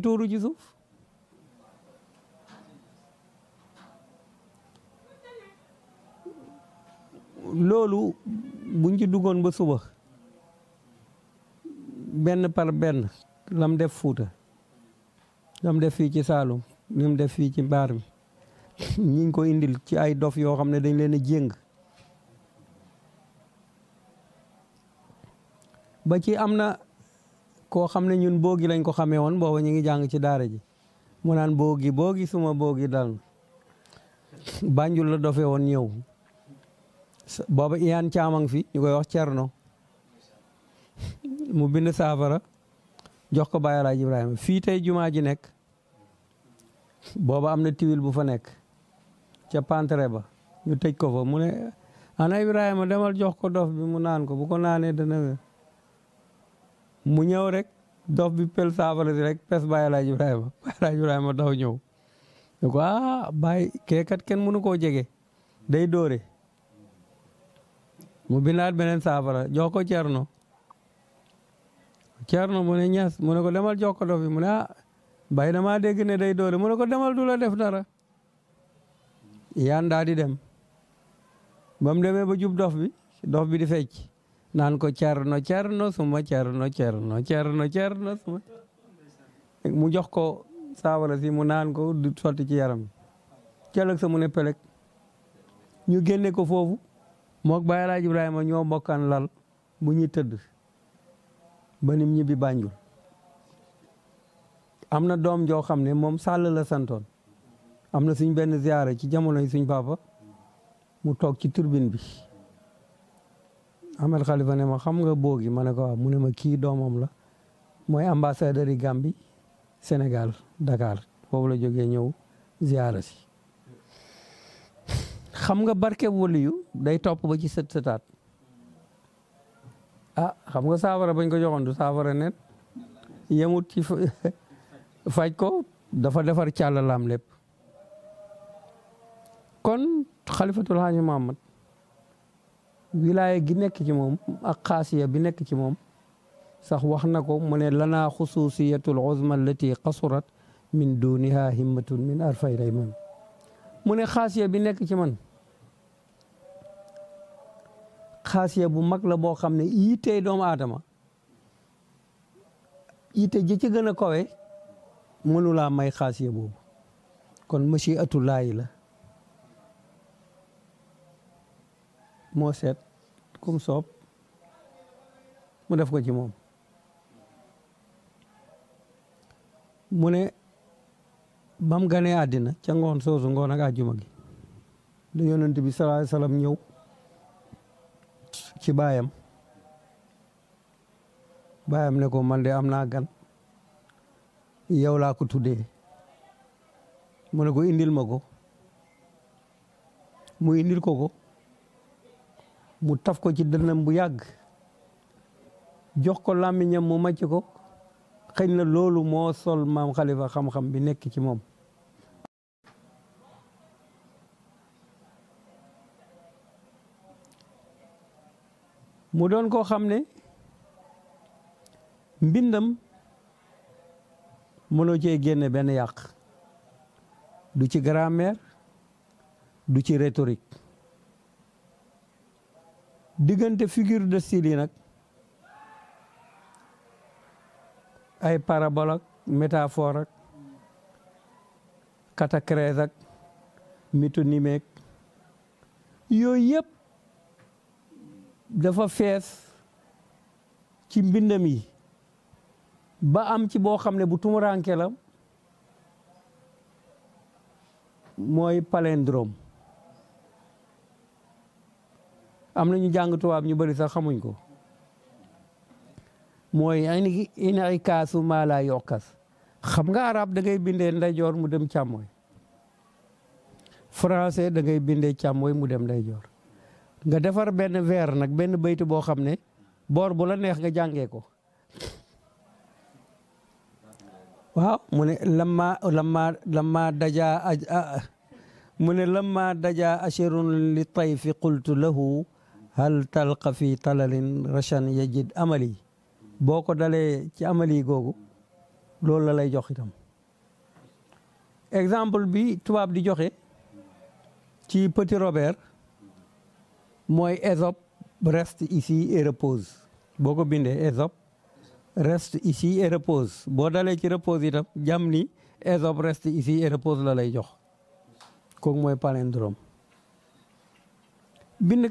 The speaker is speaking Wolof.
dóoru ji suuf loolu buñ ci duggoon ba suba benn par benn lam def fuuta lam def fii ci Saalum li def fii ci mbaar mi ñu ngi ko indil ci ay dof yoo xam ne dañ leen a jéng ba ci am na koo xam ne ñun boogi lañ ko xamee woon booba ñu ngi jàng ci daara ji mu naan boogi boogi suma boogi dal Banjul la dofee woon ñëw booba iyaan caamang fi ñu koy wax cerno mu bind saafara jox ko Baay Alaaji Ibrahima fii tey jumaa ji nekk booba am na tiwil bu fa nekk ca pantre ba ñu tëj ko fa mu ne ana Ibrahima demal jox ko dof bi mu naan ko bu ko naanee dana wér mu ñëw rek dof bi pel saafara si rek pes Baye El Hadj Ibrahima Baye El Hadj Ibrahima daw ñëw ne ko ah Baye kee kenn mënu koo jege day dóore mu bindaat beneen saafara jox ko Thierno no mu ne ñas mu ne ko demal jox ko dof bi mu ne ah, bay na maa dégg ne day dóore mu ne ko demal du la def dara yaan daa di dem ba mu demee ba jub dof bi dof bi di fecc naan ko Cerno Cerno suma Cerno Cerno Cerno Cerno suma mu jox ko saawara si mu naan ko du sotti ci yaram keroog sa mu ne pelek ñu génne ko foofu mook Baay Alaaji Ibrahima ñoo mbokkaan lal mu ñuy tëdd ba nim ñibbi Banjul am na doom joo xam ne moom sàll la santoon am na suñ benn ziyaara ci jamono suñ papa mu toog ci turbin bi Ahmed Khalifa ne ma xam nga boogi ma ne ko waaw mu ne ma kii doomam la mooy ambassadeur yi Gambie Sénégal Dakar foofu la jógee ñëw ziara si xam nga barke waliyu day topp ba ci sët sëtaat ah xam nga saafara bañ ko joxoon du saafara net ci faj ko dafa defar càllalaam lépp kon xalifatul haaji Muhammad wilaaya gi nekk ci moom ak xaasiya bi nekk ci moom sax wax na ko mu ne lanaa xusuusiyatul uzma allati qasurat min duniha himmatun min arfay rayman mu ne xaasiya bi nekk ci man xaasiya bu mag la boo xam ne yittey doomu aadama yitte ji ci gën a kawe mënu may xaasiya boobu kon atu machiatullaahi la moo seet kum soob mu def ko ci moom mu ne bam ganee àddina ca ngoon soosu ngoon ak àjjuma gi la yonent bi sallallahu ñëw ci baayam baayam ne ko man de am naa gan yow laa ko tuddee mu ne ko indil ma ko mu indil ko ko mu taf ko ci dënnam bu yàgg jox ko làmmiñam mu màcc ko xëy na loolu moo sol maam xalifa xam-xam bi nekk ci moom mu doon koo xam ne mbindam mënoo cee génne benn yàq du ci grammaire du ci rhétorique diggante figir de style nag ay parabole ak métaphore ak catachèse ak yooyu yëpp dafa fees ci mbindam yi ba am ci boo xam ne bu tumuranke la mooy palindrome am na ñu jàng tubaab ñu bëri sax xamuñ ko mooy ini kaasu maa laa yokkas xam nga arab da ngay bindee ndeyjoor mu dem càmmooy français da ngay bindee càmmooy mu dem ndeyjoor nga defar benn weer nag benn baytu boo xam ne boor bu la neex nga jàngee ko waaw mu ne lamma lamma lamma daja ah, mu ne lamma daja ashirun li tayfi qultu lahu hal talqa fi talalin rashan yajid amali boo ko dalee ci amali googu loolu la lay jox itam exemple bi tubaab di joxe ci Petit Robert mooy Ésope reste ici et boo ko bindee Ésope reste ici et boo dalee ci repose itam jam ni Ésope rest ici et repose la lay jox kok mooy palindrome bind